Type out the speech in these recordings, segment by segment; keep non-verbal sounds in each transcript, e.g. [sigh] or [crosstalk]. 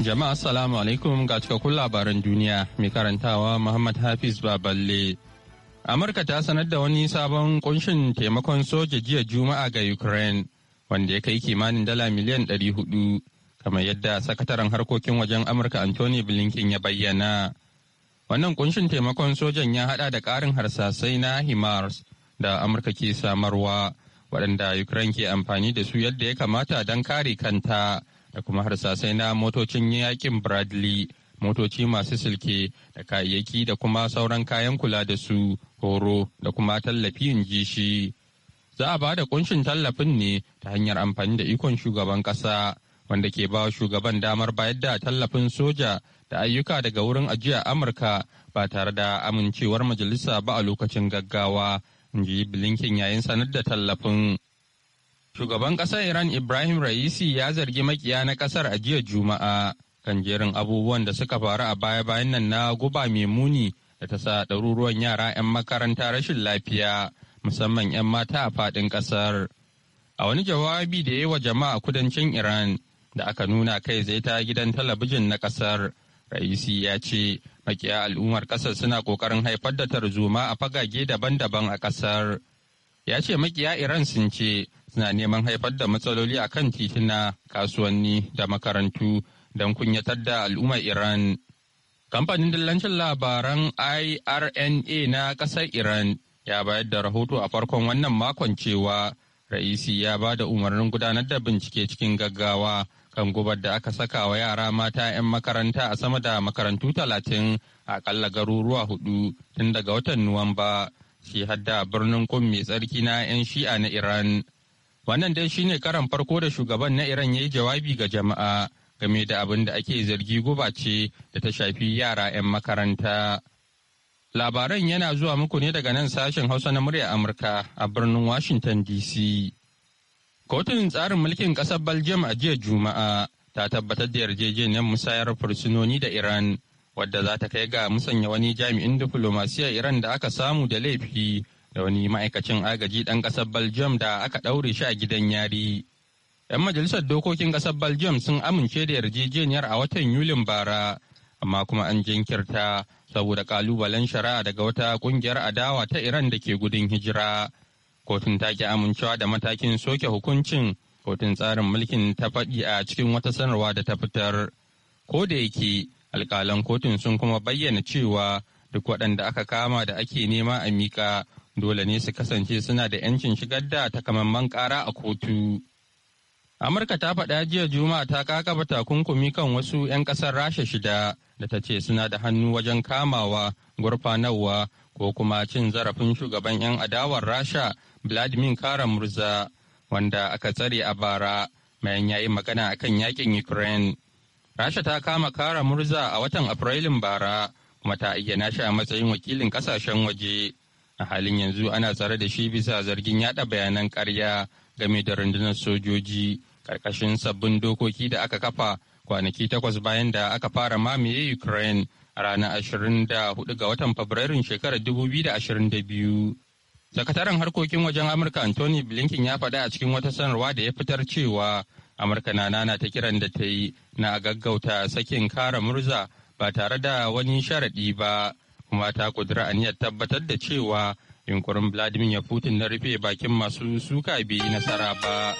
Jama'a Assalamu alaikum ga cikakkun labaran duniya mai karantawa Muhammad Hafiz Baballe. Amurka ta sanar da wani sabon kunshin taimakon soja jiya Juma'a ga Ukraine wanda ya kai kimanin dala miliyan hudu kamar yadda sakataren harkokin wajen Amurka Anthony Blinken ya bayyana. Wannan kunshin taimakon sojan ya hada da karin harsasai na HIMARS da Amurka ke samarwa waɗanda Ukraine ke amfani da su yadda ya kamata don kare kanta da kuma harsasai na motocin yakin Bradley, motoci masu silke da kayayyaki da kuma sauran kayan kula da su, horo da kuma tallafi in ji shi. Za a ba da kunshin tallafin ne ta hanyar amfani da ikon shugaban ƙasa, wanda ke ba shugaban damar bayar da tallafin soja da ayyuka daga wurin ajiya Amurka ba tare da amincewar majalisa ba a lokacin gaggawa, in ji Blinken yayin sanar da tallafin. Shugaban ƙasar Iran Ibrahim Raisi ya zargi makiya na ƙasar a jiya Juma'a kan jerin abubuwan da suka faru a baya-bayan nan na guba mai muni da ta sa ɗaruruwan yara 'yan makaranta rashin lafiya musamman 'yan mata a faɗin ƙasar. A wani jawabi da ya wa jama'a kudancin Iran da aka nuna kai zai ta gidan talabijin na ƙasar, Raisi ya ce makiya al'ummar ƙasar suna ƙoƙarin haifar da tarzoma a fagage daban-daban a ƙasar. ya ce makiya Iran sun ce suna neman haifar da matsaloli a kan titina, kasuwanni da makarantu don kunyatar da al'ummar Iran. Kamfanin dillancin labaran IRNA na ƙasar Iran ya bayar da rahoto a farkon wannan makon cewa Ra'isi ya ba da umarnin gudanar da bincike cikin gaggawa kan gubar da aka saka wa yara mata 'yan makaranta a sama da makarantu talatin a akalla garuruwa hudu tun daga watan Nuwamba ke hadda birnin Kun mai tsarki na 'yan shi'a na Iran. Wannan dai shine karan farko da shugaban na Iran ya yi jawabi ga jama'a game da abin da ake zargi guba ce da ta shafi yara 'yan makaranta. Labaran yana zuwa muku ne daga nan sashen Hausa na murya Amurka a birnin Washington DC. Kotun tsarin mulkin ƙasar Belgium a jiya Juma'a ta tabbatar da yarjejeniyar musayar fursunoni da Iran wadda za ta kai ga musanya wani jami'in diflomasiyya Iran da aka samu da laifi da wani ma'aikacin agaji ɗan ƙasar Belgium da aka ɗaure shi a gidan yari. 'Yan majalisar dokokin ƙasar Belgium sun amince da yarjejeniyar a watan Yulin bara, amma kuma an jinkirta saboda ƙalubalen shari'a daga wata ƙungiyar adawa ta Iran da ke gudun hijira. Kotun ta ki amincewa da matakin soke hukuncin kotun tsarin mulkin ta faɗi a cikin wata sanarwa da ta fitar. Ko da yake alkalan kotun sun kuma bayyana cewa duk waɗanda aka kama da ake nema a miƙa dole ne su kasance suna da 'yancin shigar da takamaiman ƙara a kotu. Amurka ta faɗa jiya Juma'a ta kakaba takunkumi kan wasu 'yan ƙasar Rasha shida da ta ce suna da hannu wajen kamawa, gurfanarwa ko kuma cin zarafin shugaban 'yan adawar Rasha Vladimir Karamurza wanda aka tsare a bara mayan ya yi magana akan yakin Ukraine. Rasha ta kama Kara Murza a watan Afrilun bara kuma ta iya shi a matsayin wakilin kasashen waje. A halin yanzu ana tsare da shi bisa zargin yada bayanan karya game da rundunar sojoji karkashin sabbin dokoki da aka kafa kwanaki takwas bayan da aka fara mamaye Ukraine a ranar 24 ga watan Fabrairun shekarar 2022. Sakataren harkokin wajen Amurka Anthony Blinken ya faɗa a cikin wata sanarwa da ya fitar cewa amurka na nana ta kiran da ta yi na gaggauta sakin kara murza ba tare da wani sharaɗi ba kuma ta kudura aniyar tabbatar da cewa yunkurin vladimir putin na rufe bakin masu suka biyu nasara ba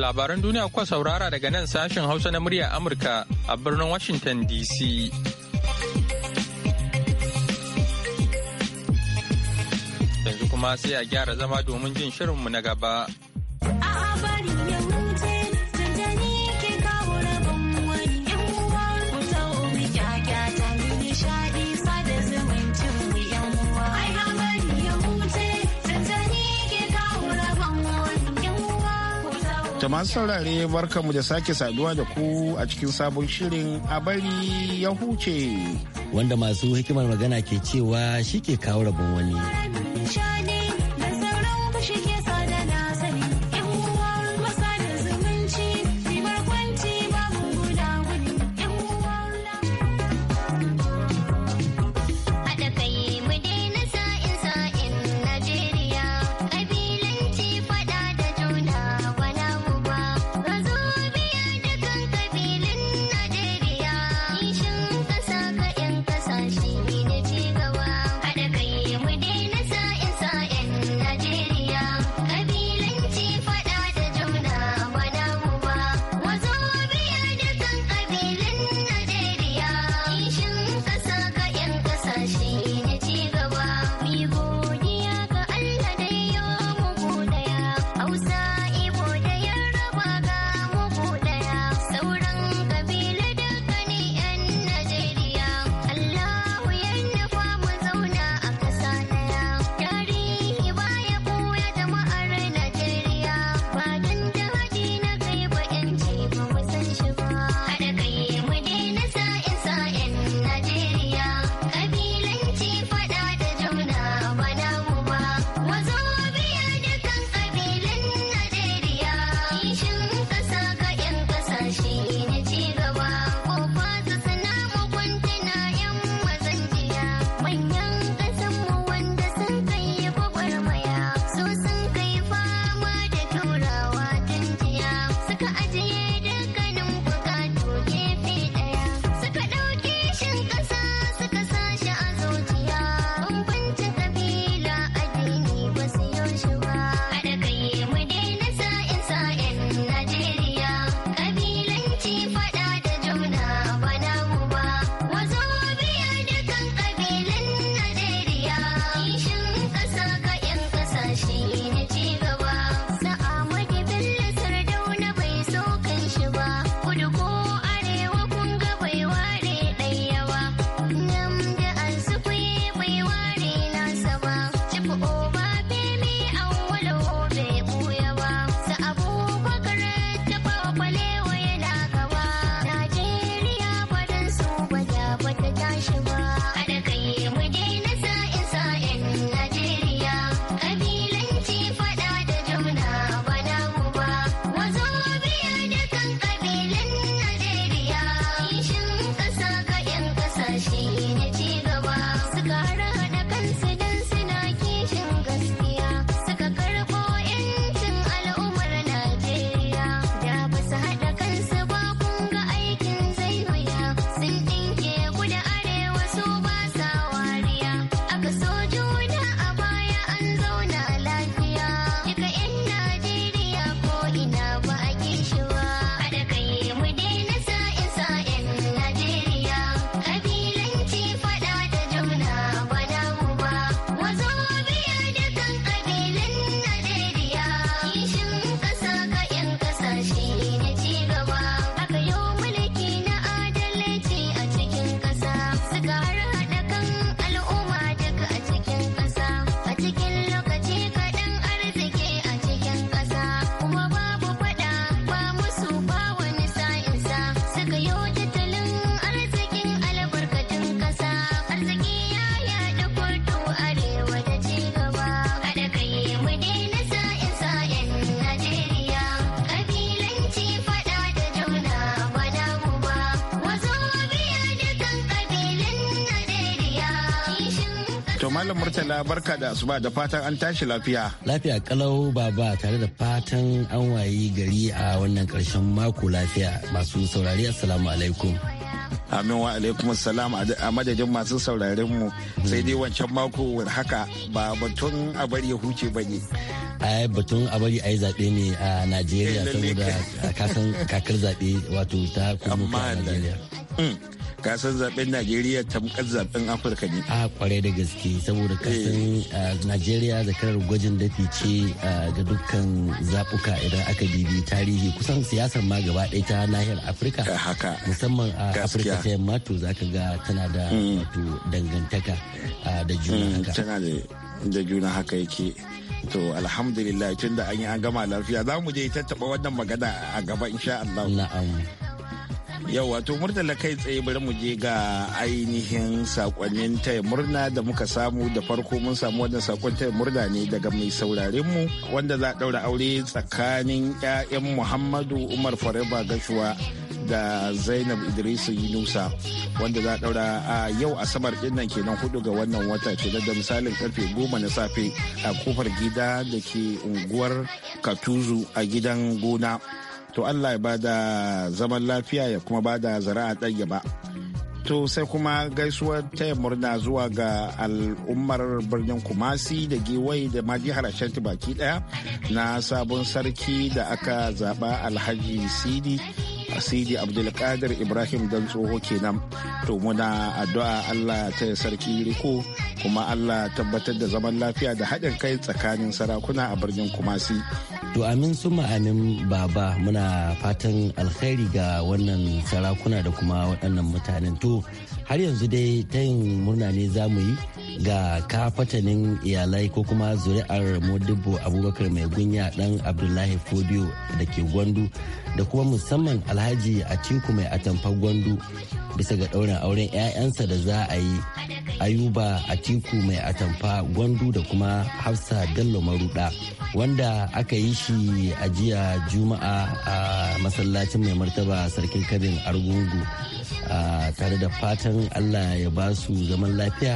labaran duniya kuwa saurara daga nan sashen hausa na murya amurka a birnin washington dc kuma sai a gyara zama domin jin shirinmu na gaba. A'a bari ya wuce masu saurare barkamu da sake saduwa da ku a cikin sabon shirin a bari ya huce. Wanda masu hikimar magana ke cewa shi ke kawo rabon wani. Malam Murtala barka da asuba da fatan an tashi lafiya. Lafiya kalau baba tare da fatan an wayi gari a wannan karshen mako lafiya masu saurari assalamu alaikum. amin wa alaikum salam a madadin masu sauraren mu sai dai wancan mako haka ba batun a bari huce ba ne ai batun a bari a yi zaɓe ne a najeriya eh, saboda kasan kakar zaɓe wato ta kuma a najeriya hmm. san zaben najeriya tamkar zaben afirka ne a kwarai da gaske saboda kasan eh. najeriya zakarar gwajin dafi ce ga dukkan zabuka idan aka bibi tarihi kusan siyasar ma gaba ɗaya ta nahiyar afirka haka musamman a afirka ta yamma to zaka ga tana da hmm. wato dangantaka da juna hmm, haka tana da juna haka yake To alhamdulillah tun da an yi an gama lafiya za mu je tattaɓa wannan magana a gaba insha Allah. Na'am. Yau wato murtala kai tsaye bari mu je ga ainihin sakonnin taya murna da muka samu da farko mun samu wannan sakon taya murna ne daga mai sauraren mu wanda za a daura aure tsakanin 'ya'yan Muhammadu Umar Fareba Gashuwa da Zainab Idrisu Yunusa wanda za a daura a yau Asabar din nan kenan hudu ga wannan wata kenan da misalin karfe 10 na safe a kofar gida da ke unguwar Katuzu a gidan gona. to allah ya bada zaman lafiya ya kuma bada zara'a ɗaya ba to sai kuma gaisuwar taya murna zuwa ga al'ummar birnin kumasi da giwai da ma jihar ashanti baki ɗaya na sabon sarki da aka zaba alhaji sidi asidi Abdulkadir Ibrahim don tsoho kenan. To muna addu'a Allah ta sarki riko kuma Allah tabbatar da zaman lafiya da haɗin kai tsakanin sarakuna a birnin Kumasi. To amin su ma'anin baba muna fatan alkhairi ga wannan sarakuna da kuma waɗannan mutanen. To har yanzu dai ta yin murna ne za mu yi ga kafatanin iyalai ko kuma zuri'ar mudubu Abubakar Mai Gunya dan Abdullahi Fodio da ke Gwandu da kuma musamman alhaji a atiku mai atamfa gwandu bisa ga ɗaurin auren 'ya'yansa da za a yi ayuba a tiku mai atamfa gwandu da kuma hafsa dallo maruda wanda aka yi shi a jiya juma'a a masallacin mai martaba sarkin kabin argungu tare da fatan allah ya ba su zaman lafiya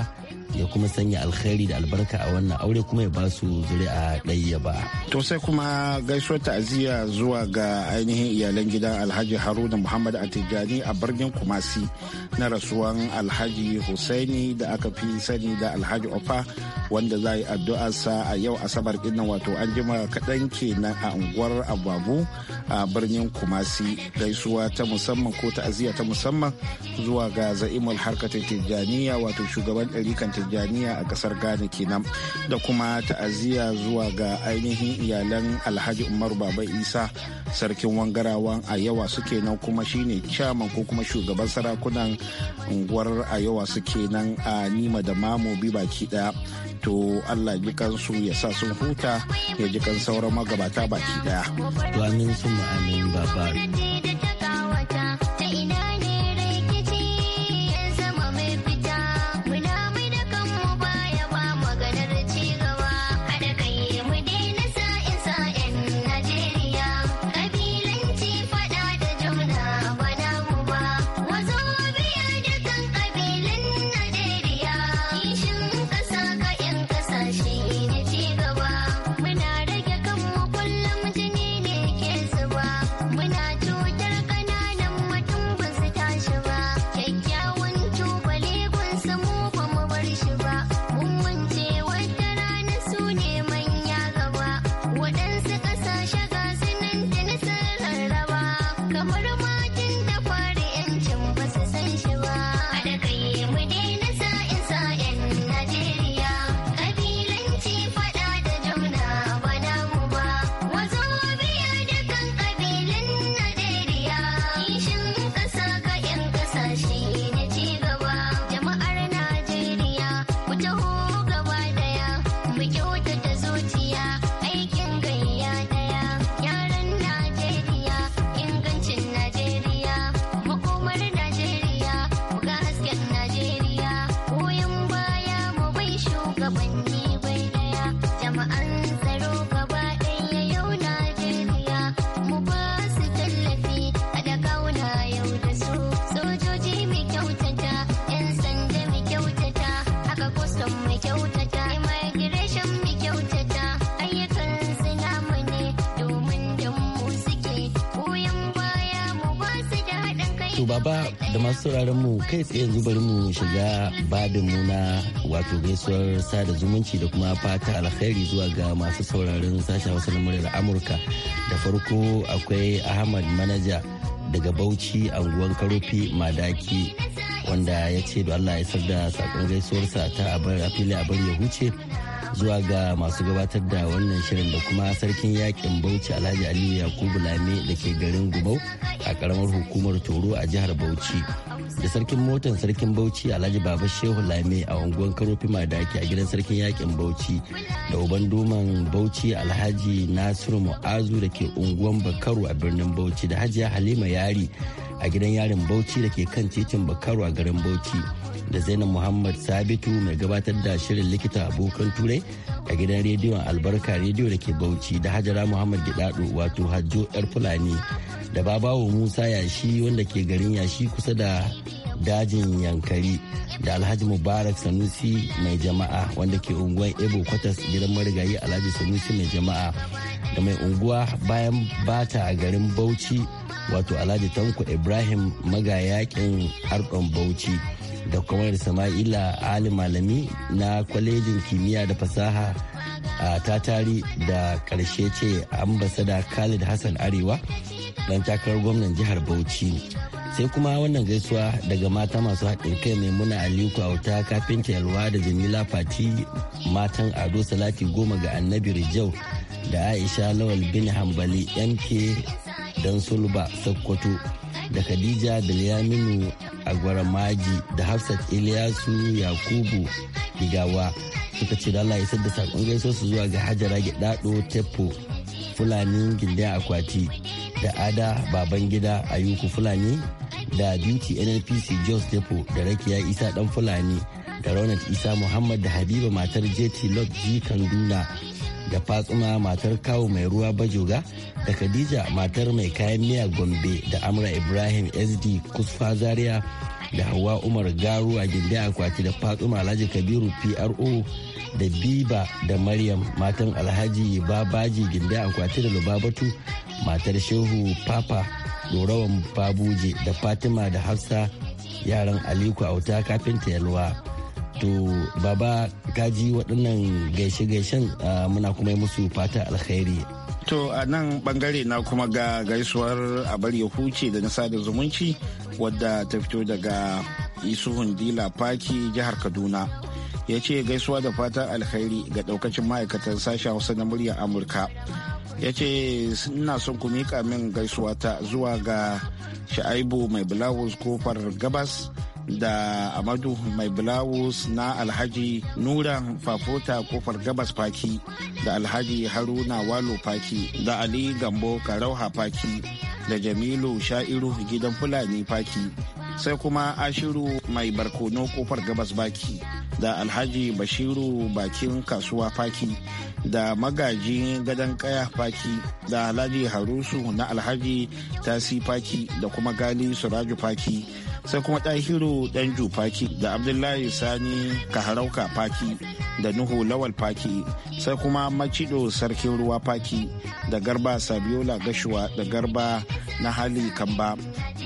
ya kuma sanya alkhairi da albarka a wannan aure kuma ya ba su a ɗaya ba. To sai kuma gaisuwar ta'aziyya zuwa ga ainihin iyalan gidan Alhaji Haruna Muhammad Atijani a birnin Kumasi na rasuwan Alhaji Husaini da aka fi sani da Alhaji Ofa wanda za yi addu'a sa a yau Asabar din wato an jima kaɗan kenan a unguwar Ababu a birnin Kumasi gaisuwa ta musamman ko ta'aziyya ta musamman zuwa ga za'imul harkatar Tijjaniya wato shugaban ɗarikan tijjaniya a kasar ghana kenan da kuma ta'aziyya zuwa ga ainihin iyalan alhaji umaru baba isa sarkin wangarawan a yawa suke nan kuma shine chairman ko kuma shugaban sarakunan unguwar a yawa suke nan a nima da mamu bi baki daya to allah ji kansu ya sa sun huta ya ji kan sauran magabata baki daya to amin sun masu sauraron mu kai tsaye yanzu bari mu shiga badin mu na wato gaisuwar sada zumunci da kuma fata alkhairi zuwa ga masu sauraron sashen wasu muryar amurka da farko akwai ahmad manaja daga bauchi anguwan karofi madaki wanda ya ce da allah ya sarda sakon gaisuwarsa ta abar a fili ya huce zuwa ga masu gabatar da wannan shirin da kuma sarkin yakin Bauchi Alhaji Aliyu Yakubu Lame da ke garin Gubau a karamar hukumar Toro a jihar Bauchi. Da sarkin motan sarkin Bauchi Alhaji Baba Shehu Lame a unguwar Karofi Madaki a gidan sarkin yakin Bauchi da uban doman Bauchi Alhaji Nasiru Mu'azu da ke unguwan Bakaru a birnin Bauchi da Hajiya Halima Yari a gidan yarin Bauchi da ke kan titin Bakaru a garin Bauchi. da zainab muhammad sabitu mai gabatar da shirin likita abokan turai a gidan rediyon albarka rediyo da ke bauchi da hajara muhammad gidado wato hajjo yar fulani da babawo musa yashi wanda ke garin yashi kusa da dajin yankari da alhaji mubarak sanusi mai jama'a wanda ke unguwar ebo kwatas gidan marigayi alhaji sanusi mai jama'a da mai unguwa bayan bata a garin bauchi wato alhaji tanko ibrahim magayakin harkon bauchi da kuma sama'ila ali malami na kwalejin kimiyya da fasaha a tatari da karshe ce ambasada khalid hassan arewa dan takarar gwamnan jihar bauchi sai kuma wannan gaisuwa daga mata masu haɗin kai maimuna aliku auta kafinta yalwa da jamila fati matan ado salati goma ga annabi rijau da aisha lawal bin hambali mk dan sulba sokoto da khadija da bilyaminu agwaramaji da hafsat iliyasu yakubu digawa suka ce da ya da saƙon gaiso su zuwa ga hajara gidado tepo fulani gindin akwati da ada baban gida ayuku fulani da duty nnpc jos tepo da rakiya isa dan fulani da ronald isa muhammad da habiba matar jt lord g kanduna da fatsuma matar kawo mai ruwa bajoga da khadija matar mai kayan miya gombe da amra ibrahim sd kusfa zaria da hawa umar garu a gindi akwati da fatsuma alhaji kabiru pro da biba da maryam matan alhaji babaji gindi akwati da lubabatu matar shehu papa dorawan babuje da fatima da hafsa yaran aliko auta kafin kafinta yalwa To baba kaji waɗannan gaishe-gaishen muna kuma yi musu fata alkhairi. To a nan bangare na kuma ga gaisuwar a bari ya huce da na sada zumunci wadda ta fito daga isuhun dila paki jihar kaduna ya ce gaisuwa da fatan alkhairi ga daukacin ma'aikatan sashen hausa na muryar amurka ya ce ina son ku miƙa min gaisuwa ta zuwa ga sha'aibu mai bulawus kofar gabas da amadu mai bulawus na alhaji nura fafota kofar gabas faki da alhaji haruna walo faki da ali gambo karauha faki da jamilu sha'iru gidan fulani faki sai kuma ashiru mai barkono kofar gabas baki da alhaji bashiru bakin kasuwa faki da magaji gadon kaya faki da alhaji harusu na alhaji tasi faki da kuma gali suraju faki sai kuma ɗahiru ɗan jufaki da abdullahi sani kaharauka faki da nuhu lawal faki sai kuma macido sarkin ruwa faki da garba sabiola gashuwa da garba na hali kamba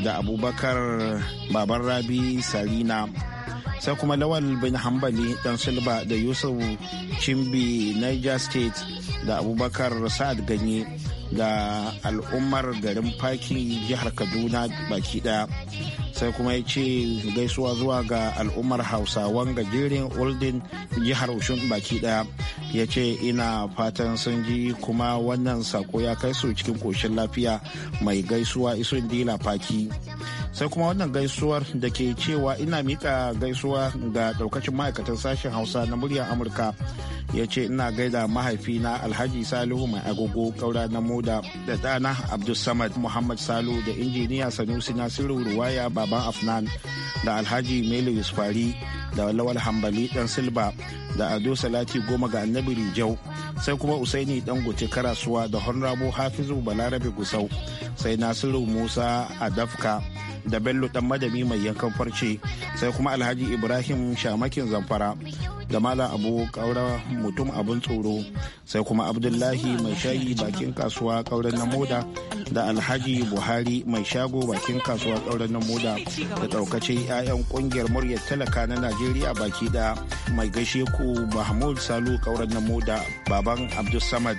da abubakar baban rabi sarina sai kuma lawal bin hambali dan silba da yusuf cimbi niger state da abubakar sa'ad ganye ga al'ummar garin faki jihar kaduna baki daya sai kuma ya ce gaisuwa zuwa ga al'ummar hausawan gajerin oldin jihar oshun baki daya ya ce ina fatan sun ji kuma wannan sako ya kai su cikin koshin lafiya mai gaisuwa isun dila faki sai kuma wannan gaisuwar da ke cewa ina mika gaisuwa ga daukacin ma'aikatan sashen hausa na muryar amurka ya ce ina gaida mahaifi na alhaji salihu mai agogo kaura na moda da dana abdulsamad muhammad salu da injiniya sanusi nasiru ruwaya baban afnan da alhaji mele yusufari da lawal hambali dan silba da ado salati goma ga annabi rijau sai kuma usaini dangote karasuwa da honrabo hafizu balarabe gusau sai nasiru musa a dafka. da bello dan madami mai yankan farce sai kuma alhaji ibrahim shamakin zamfara da malam abu kaura mutum abun tsoro sai kuma abdullahi mai shayi bakin kasuwa kauren na moda da alhaji buhari mai shago bakin kasuwa kauren na moda da daukace 'ya'yan kungiyar muryar talaka na najeriya baki da mai gaishe ku mahmud salu kauren na moda baban abdulsamad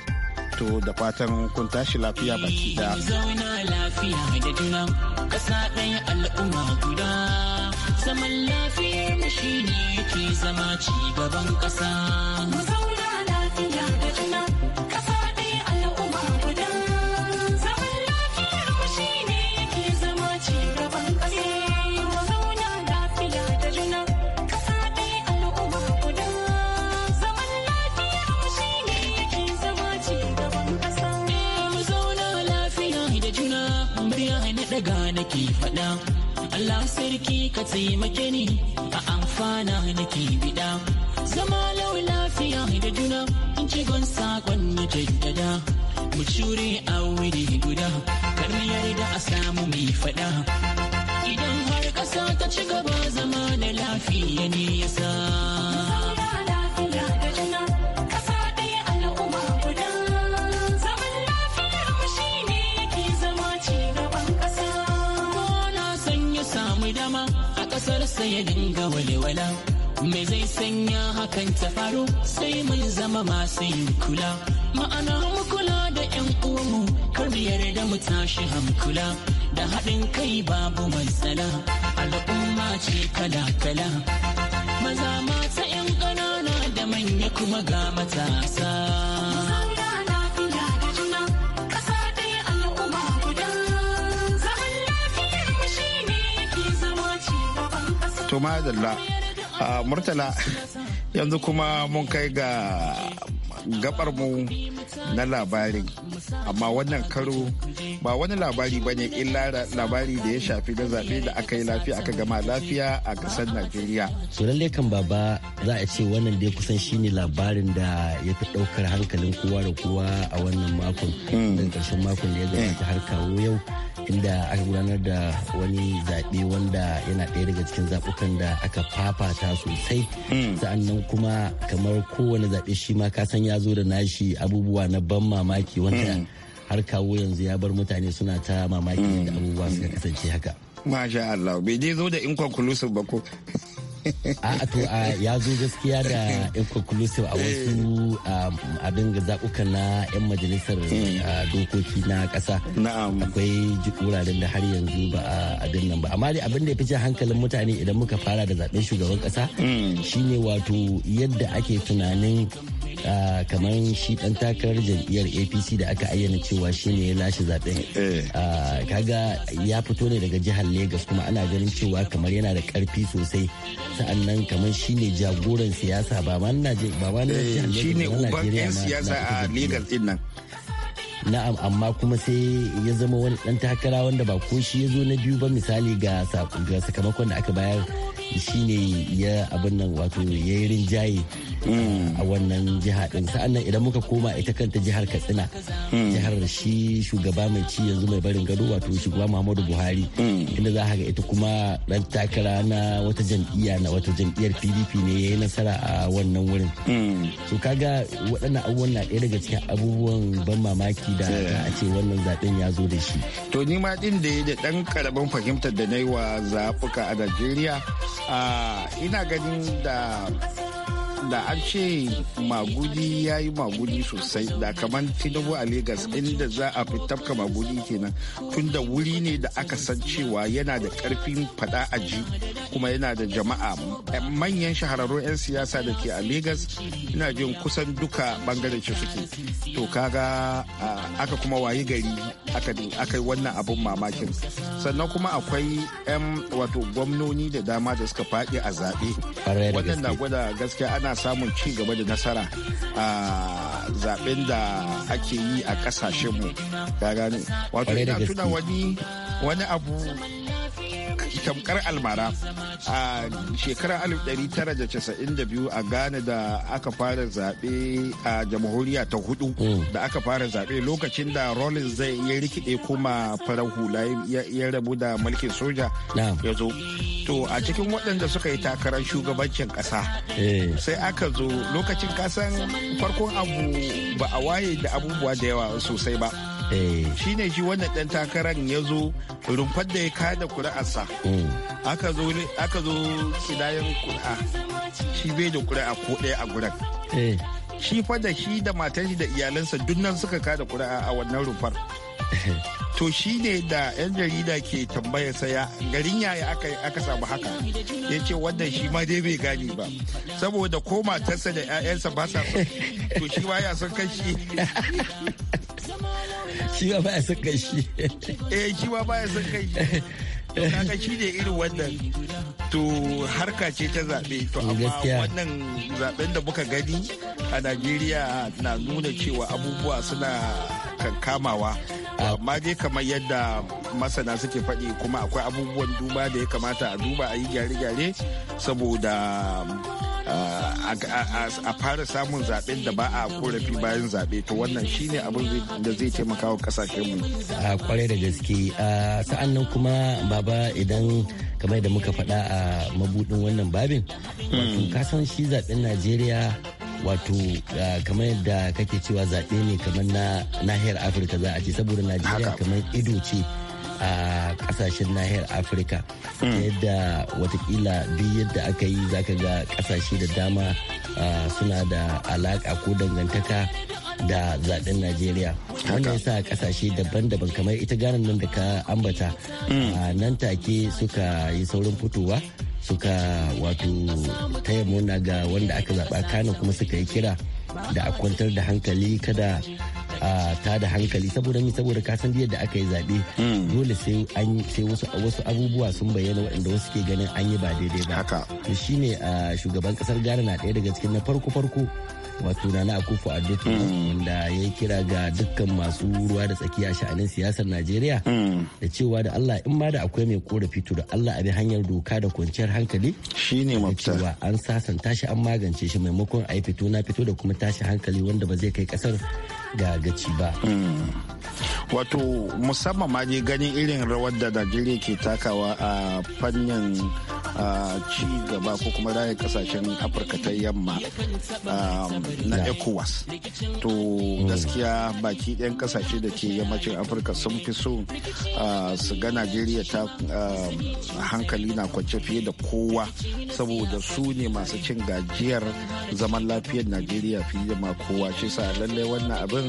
to da fatan kun tashi lafiya baki da zaman lafiyar mu ke yake zama ci gaban ƙasa. nake faɗa Allah sarki ka taimake ni a amfana nake biɗa zama lau lafiya da juna in ci gon sakon na jaddada mu cure a wuri guda kar da yarda a samu mai faɗa idan har ƙasa ta ci gaba zama na lafiya ne yasa ya dinga walewala me zai sanya hakan ta faru sai mun zama masu yin kula ma'ana mu kula da yan uwanmu kar mu yarda mu tashi hankula da haɗin kai babu matsala al'umma ce kala-kala maza mata yan ƙanana da manya kuma ga matasa to madalla murtala yanzu kuma mun kai ga gabar mu na labarin amma wannan karo ba wani labari bane illa labari da ya shafi da zaɓe da aka yi lafiya aka gama lafiya a ƙasar Najeriya. To lalle kan baba za a ce wannan dai kusan shine labarin da ya fi ɗaukar hankalin kowa da kowa a wannan makon hmm. daga ƙarshen makon da ya gabata hmm. har kawo yau inda aka gudanar da wani zaɓe wanda yana ɗaya daga cikin zaɓukan da aka fafata sosai hmm. sa'annan kuma kamar kowane zaɓe shi ma kasan ya zo da nashi abubuwa na ban mamaki wanda har kawo yanzu ya bar mutane suna ta mamaki da mm. abubuwa suka kasance haka masha Allah bai je zo da inconclusive ba ko [laughs] a to a ya zo gaskiya da [laughs] inconclusive a wasu eh. um, abin ga zaɓuka na 'yan majalisar mm. dokoki na ƙasa akwai wuraren da har yanzu ba a abin nan ba amma dai abin da ya fi hankalin mutane idan muka fara da zaɓen shugaban ƙasa mm. shine wato yadda ake tunanin kamar shi dan takarar jam'iyyar apc da aka ayyana cewa shi ne ya lashe zaɓe. Eh. kaga ya fito ne daga jihar lagos kuma ana ganin cewa kamar yana da karfi sosai sa'annan kamar shi ne jagoran siyasa ba ma na eh, jihar lagos ne uban siyasa a lagos din nan na'am amma kuma sai ya zama wani dan takara wanda ba ko shi ya zo na biyu ba misali ga sakamakon da aka bayar shine ya abin nan wato ya yi rinjaye a wannan jiha din sa'annan idan muka koma ita kanta jihar katsina hmm. jihar shi shugaba mai ci yanzu mai barin gado wato shugaba muhammadu buhari hmm. inda za ga ita kuma dan takara na wata jam'iyya na wata jam'iyyar pdp ne ya yi nasara a wannan wurin hmm. so kaga waɗannan abubuwan na ɗaya daga cikin abubuwan ban mamaki da a ce wannan zaɓen ya zo da shi to ni ma din da ya da ɗan karamin fahimtar da na yi wa zafuka a najeriya ah, ina ganin da da an ce magudi ya yi magudi sosai da kamar tinubu a Legas inda za a fi tafka magudi kenan tunda wuri ne da aka san cewa yana da karfin fada ji, kuma yana da jama'a manyan shahararrun 'yan siyasa da ke a Legas ina jin kusan duka bangaren ci suke to kaga aka kuma wayi gari aka yi wannan abun mamakin sannan kuma akwai 'yan wato gwamnoni da dama da suka faɗi a zaɓe wannan na gwada gaskiya ana samun ci gaba da nasara a zaben da ake yi a kasashenmu. Wato ina tuna wani abu tamkar almara a shekarar 1992 a ghana da aka fara zaɓe a jamhuriya ta hudu mm. da aka fara zaɓe lokacin da rollins zai ya rikide kuma farar hula ya rabu da mulkin soja ya zo to a cikin waɗanda suka yi takarar shugabancin ƙasa eh. sai aka zo lokacin kasan farkon abu ba a waye da abubuwa da yawa sosai ba Eh. shi ne shi wannan dan takarar ya zo rumfar da ya kada kuri'arsa mm. aka zo aka zo sidayen kuri'a shi bai da kuri'a ko ɗaya a gurin eh. shi fa da shi da matar shi da iyalansa dunnan nan suka kada kuri'a a wannan rumfar [laughs] to shi ne da 'yan jarida ke tambaya saya garin yaya aka samu haka ya ce wannan shi ma dai bai gani ba saboda ko matarsa da 'ya'yansa ba sa to shi ba ya son kashi [laughs] kiwa ba baya son shi eh shi baya son kai to kaga shi ne irin wannan to harka ce ta zaɓe to amma wannan zaɓen da muka gani a najeriya na nuna cewa abubuwa suna kankamawa amma dai kamar yadda masana suke faɗi kuma akwai abubuwan duba da ya kamata a duba a yi gyare-gyare saboda a fara samun zaɓen da ba a korafi bayan zaɓe to wannan shine abin da zai taimaka wa kasashenmu. a kwarai da gaske sa'an nan kuma baba idan kamar da muka faɗa a mabudin wannan babin wato kasan shi zaɓen najeriya wato kamar yadda kake cewa zaɓe ne kamar na nahiyar afirka za a ce saboda najeriya kamar ido ce a kasashen nahiyar afirka hmm. yadda watakila duk yadda aka yi zaka ga kasashe da dama suna da alaka ko dangantaka da zaben najeriya wanda ya sa kasashe daban-daban kamar ita ganin nan da ka ambata hmm. nan take suka yi saurin fitowa suka wato taya murna ga wanda aka zaɓa kano kuma suka yi kira da a kwantar da hankali kada ta da hankali saboda mi saboda ka san yadda aka yi zaɓe hmm. dole sai an sai wasu wasu abubuwa sun bayyana waɗanda wasu ke ganin an yi ba daidai ba haka to shine shugaban kasar Ghana na ɗaya daga cikin na farko farko wato Nana Akufo Addo hmm. wanda ya kira ga dukkan masu ruwa da tsakiya sha'anin siyasar Najeriya hmm. da cewa da Allah in ma da akwai mai korafi to da Allah a bi hanyar doka da kwanciyar hankali shine mafita cewa an sasanta shi an magance shi maimakon a yi fito na fito da kuma tashi hankali wanda ba zai kai kasar ba. Hmm. Wato musamman ma dai ganin irin rawar da Najeriya ke takawa a fannin ci gaba ko kuma raya kasashen Afirka ta yamma na ECOWAS. To hmm. gaskiya baki ɗayan kasashe da ke yammacin Afirka sun fi so su ga Najeriya ta hankali na kwance fiye da kowa saboda su ne masu cin gajiyar zaman lafiyar Najeriya fiye ma kowa shi sa lallai wannan abin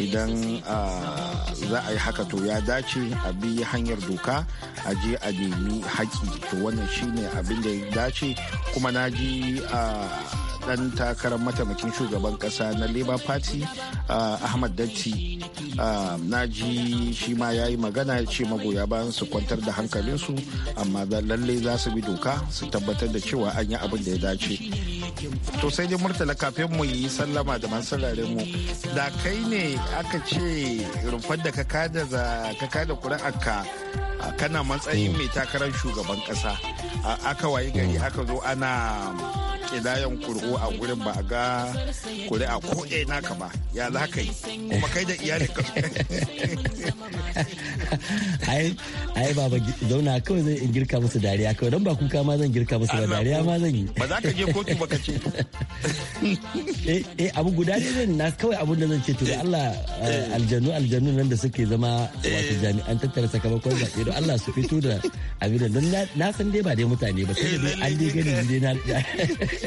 idan ah, za a yi haka to ya dace a bi hanyar doka a je a nemi haƙi to wannan shine abin da ya dace kuma na ji ah, dan takarar mataimakin shugaban kasa na labour party ah, ahmad datti ah, na ji shi ma ya yi magana ya ce magoya bayan su kwantar da hankalinsu amma lalle za su bi doka su tabbatar da cewa an yi abin da ya dace to sai dai murtala kafin mu yi sallama da masu mu da kai ne aka ce rumfar da ka kada kuri'ar ka kana matsayin mm. mai takarar shugaban kasa aka wayi gari mm. aka zo ana kidayen kur'u a gurin ba a ga kuri'a ko ina eh ka ba ya za ka yi kuma kai da iyali ka [laughs] ai ai baba zauna kawai zai in girka musu dariya kawai don ba kuka ma zan girka musu ba dariya ma zan yi ba za ka je kotu ba ka ce [laughs] eh, eh abu guda ne zan na kawai abun da zan ce to Allah eh. aljannu aljannu nan da suke zama wato jami'an tattara sakamakon zaɓe don Allah su fito da abin da na san dai ba dai mutane ba sai dai an dai gani dai na [laughs]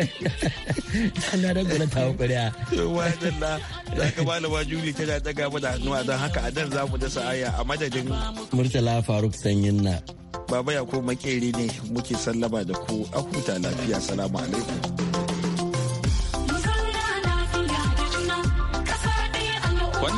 na da gona ta kuriya yawa dan na za ka bani ba juli da daga mu da hannuwa don haka a dan za mu dasa aya a madadin murtala faruk sanyin na baba ya ko makeri ne muke sallama da ku a huta lafiya salamu alaikum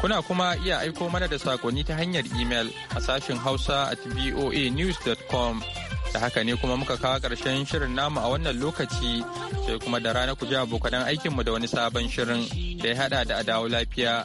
Kuna kuma iya aiko mana da sakonni ta hanyar imel a sashen Hausa at voa com Da haka ne kuma muka kawo ƙarshen shirin namu a wannan lokaci sai kuma da rana ku ji abokan aikinmu da wani sabon shirin da ya haɗa da dawo lafiya.